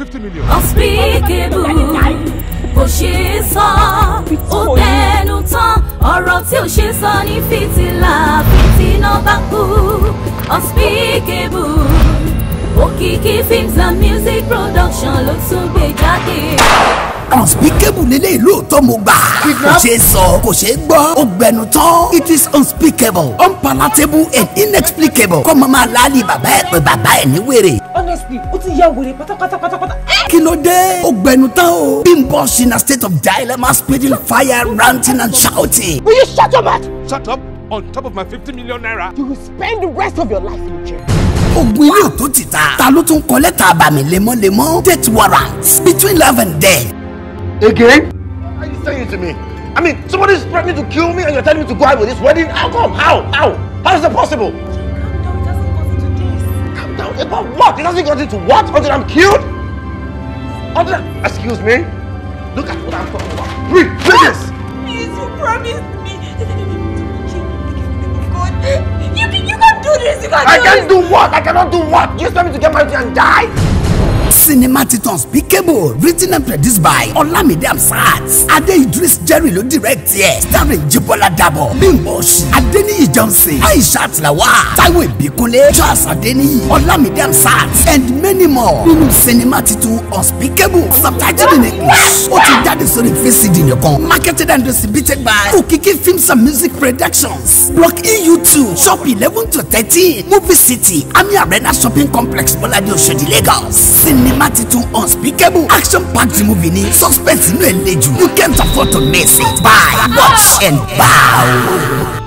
fifty million. unspeakable kò ṣe é sọ ó tẹnu tán ọ̀rọ̀ tí ò ṣe é sọ ní fìtílà fìtínà bá kú unspeakable òkìkí films and music production ló tún gbé jáde unspeakable lélẹ̀ lóòótọ́ mo gbà. kò ṣeé sọ kò ṣeé gbọ́ ó gbẹnu tán. it is unspeakable unpalatable and inexplicable. kọ́ mọ́ máa láàlì bàbá ẹ̀ pé bàbá ẹ̀ ní wèrè honestly ó ti ya wèrè pátápátá kí ló dé ó gbẹnu tán o Bimbo is in a state of dilemma spitting fire ranting and shouting. will you shut your mouth. shut up on top of my fifty million naira. you will spend the rest of your life in jail. ogun ilé ò tó ti ta ta ló tún kọ lẹ́tà àbàmì lemọ́lemọ́ death warrants between love and death. again are you saying to me. I mean, somebody is threatening to kill me and you're telling me to go out with this wedding? How come? How? How? How is that possible? About what? It hasn't gotten to what? Until I'm killed? Until I'm, excuse me? Look at what I'm talking about. Breathe, do Please, you promised me. You, you can't do this! You can't I do can't this. do what? I cannot do what? You expect me to get married and die? Cinema Titan Unspeakable written and produced by Olamide Amsat. Adé Idris Jerry ló direct yẹ. Starring Jibola Dabo, Bimbo Oshi, Adeniyi Johnson, Aisha Tilawa, Taiwo Ibikunle, Charles Adeniyi, Olamide Amsat and many more nínú Cinema Titan Unspeakable subtitled in English. Ó that in your nìkan. marketed and distributed by Okiki films and music productions block eu2 shop eleven to thirteen movie city ami arena shopping complex bọ́ládé shady lagos cinema titun unspeakable action packed movie ni suspense inú ẹ̀ you can't afford to miss it buy watch and bow.